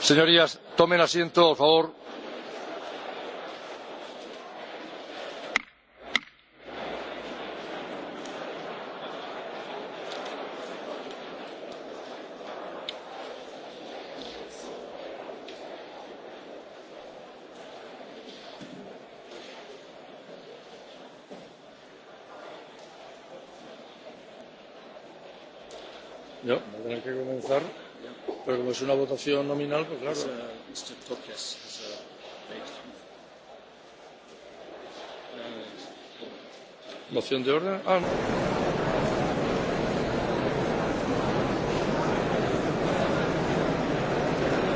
señorías tomen asiento por favor. No, no tendrá que comenzar. Pero como es una votación nominal, pues claro. Mr. Tokes has a... Moción de orden. Ah, no.